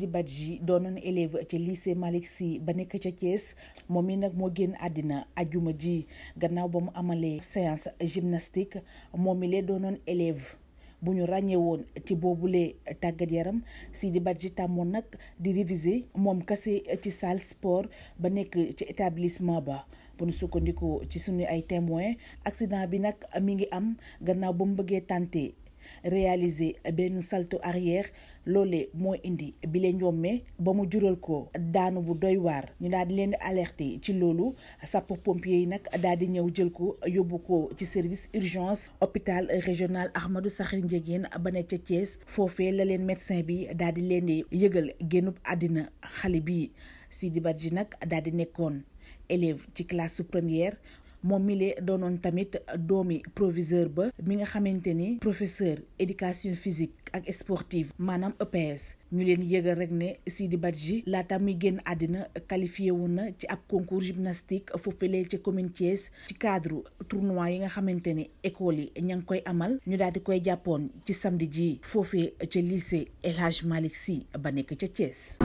Seydi Badji doonoon élève ci lycée Malick si ba nekk ca Thiès moom mi nag moo génn àddina ajuma ji gannaaw ba mu amalee séance gymnastique moom mi lee doonoon élève bu ñu ràññee woon ci boobule tàggat yaram Seydi Badji tàmmoon nag di réviser moom kase ci salle sport ba nekk ci établissement ba pour ñu sukkandiku ci suñu ay témoins accident bi nag mi ngi am gannaaw ba mu bëggee tenter réaliser benn salto arrière loolee moo indi bi la ba mu jural ko daanu bu doy waar ñu daal di leen alerter ci loolu sapeur pompier yi nag daal ñëw jël ko yóbbu ko ci service urgence hôpital régional Ahmadou Sakhir Ndiéguène ba ne ca Thiès foofee la leen médecin bi daal di leen di yëgal génnub àddina xale bi Sidi Badji nag daal di nekkoon élève ci classe première moom mi lee doonoon tamit doomi proviseur ba mi nga xamante ni professeur éducation fisique ak sportive maanaam EPS ñu leen yëgal rek ne Sidi Badji laata muy génn àddina qualifié wu na ci ab concours gymnastique foofulee ci commune Thiès ci cadre tournoi yi nga xamante ni école yi ña ngi koy amal ñu daal di koy jàppoon ci samedi ji foofee ca lycée El Hadj si ba nekk ca Thiès.